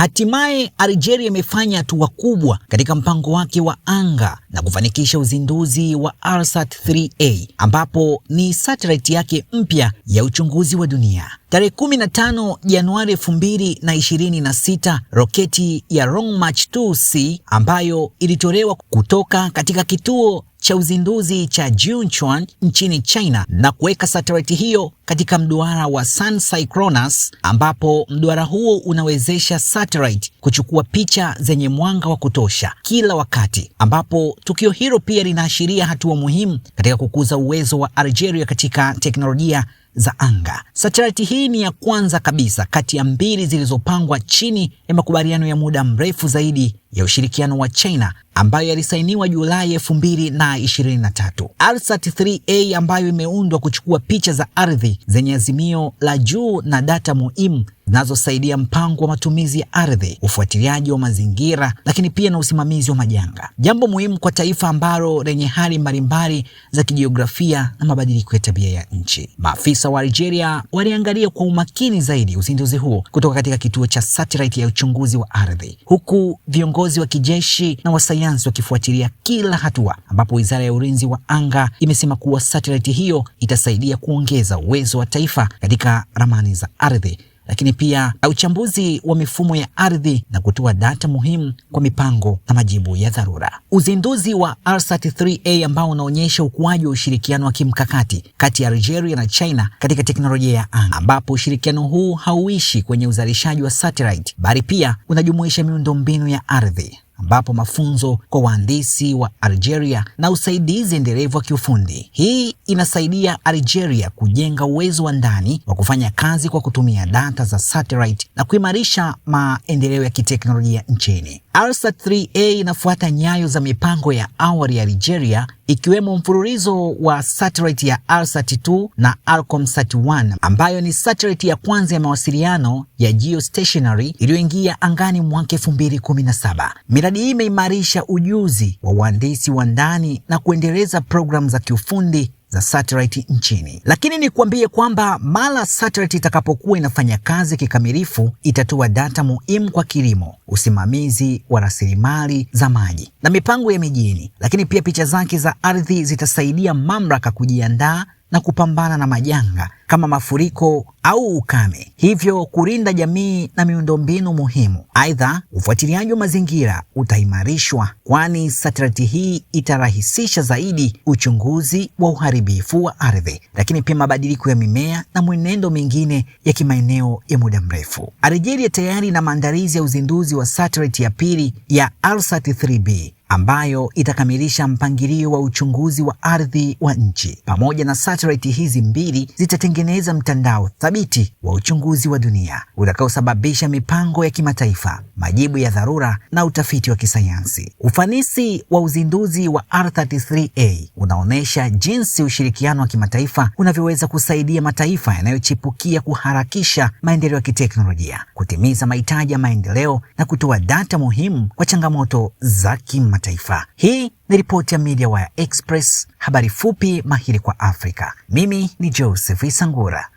Hatimaye Algeria imefanya hatua kubwa katika mpango wake wa anga na kufanikisha uzinduzi wa ARSat 3A ambapo ni satellite yake mpya ya uchunguzi wa dunia. Tarehe 15 Januari 2026, roketi ya Long March 2C ambayo ilitolewa kutoka katika kituo cha uzinduzi cha Jiuquan nchini China na kuweka satelaiti hiyo katika mduara wa Sun Synchronous, ambapo mduara huo unawezesha satelaiti kuchukua picha zenye mwanga wa kutosha kila wakati, ambapo tukio hilo pia linaashiria hatua muhimu katika kukuza uwezo wa Algeria katika teknolojia za anga. Satelaiti hii ni ya kwanza kabisa kati ya mbili zilizopangwa chini ya makubaliano ya muda mrefu zaidi ya ushirikiano wa China ambayo yalisainiwa Julai 2023. ALSAT 3A ambayo imeundwa kuchukua picha za ardhi zenye azimio la juu na data muhimu zinazosaidia mpango wa matumizi ya ardhi, ufuatiliaji wa mazingira, lakini pia na usimamizi wa majanga, jambo muhimu kwa taifa ambalo lenye hali mbalimbali za kijiografia na mabadiliko ya tabia ya nchi. Maafisa wa Algeria waliangalia kwa umakini zaidi uzinduzi huo kutoka katika kituo cha satellite ya uchunguzi wa ardhi, huku viongozi wa kijeshi na wasayansi wakifuatilia kila hatua, ambapo wizara ya ulinzi wa anga imesema kuwa satellite hiyo itasaidia kuongeza uwezo wa taifa katika ramani za ardhi lakini pia uchambuzi wa mifumo ya ardhi na kutoa data muhimu kwa mipango na majibu ya dharura. Uzinduzi wa RCEP-3A ambao unaonyesha ukuaji wa ushirikiano wa kimkakati kati ya Algeria na China katika teknolojia ya anga, ambapo ushirikiano huu hauishi kwenye uzalishaji wa satellite bali pia unajumuisha miundombinu ya ardhi ambapo mafunzo kwa wahandisi wa Algeria na usaidizi endelevu wa kiufundi. Hii inasaidia Algeria kujenga uwezo wa ndani wa kufanya kazi kwa kutumia data za satellite na kuimarisha maendeleo ya kiteknolojia nchini. ALSAT-3A inafuata nyayo za mipango ya awali ya Algeria ikiwemo mfululizo wa satellite ya ALSAT-2 na ALCOMSAT-1 ambayo ni satellite ya kwanza ya mawasiliano ya geostationary iliyoingia angani mwaka 2017. Stadi hii imeimarisha ujuzi wa uhandisi wa ndani na kuendeleza programu za kiufundi za satellite nchini. Lakini nikuambie kwamba mara satellite itakapokuwa inafanya kazi kikamilifu, itatoa data muhimu kwa kilimo, usimamizi wa rasilimali za maji na mipango ya mijini. Lakini pia picha zake za ardhi zitasaidia mamlaka kujiandaa na kupambana na majanga kama mafuriko au ukame, hivyo kulinda jamii na miundombinu muhimu. Aidha, ufuatiliaji wa mazingira utaimarishwa, kwani satelaiti hii itarahisisha zaidi uchunguzi wa uharibifu wa ardhi, lakini pia mabadiliko ya mimea na mwenendo mingine ya kimaeneo ya muda mrefu. Algeria tayari na maandalizi ya uzinduzi wa satelaiti ya pili ya ALSAT 3B ambayo itakamilisha mpangilio wa uchunguzi wa ardhi wa nchi. Pamoja na satelaiti hizi mbili zitatengeneza kutengeneza mtandao thabiti wa uchunguzi wa dunia utakaosababisha mipango ya kimataifa, majibu ya dharura na utafiti wa kisayansi. Ufanisi wa uzinduzi wa R33A unaonyesha jinsi ushirikiano wa kimataifa unavyoweza kusaidia mataifa yanayochipukia kuharakisha maendeleo ya kiteknolojia, kutimiza mahitaji ya maendeleo na kutoa data muhimu kwa changamoto za kimataifa. Hii ni ripoti ya Media Wire Express, habari fupi mahiri kwa Afrika. Mimi ni Joseph Isangura.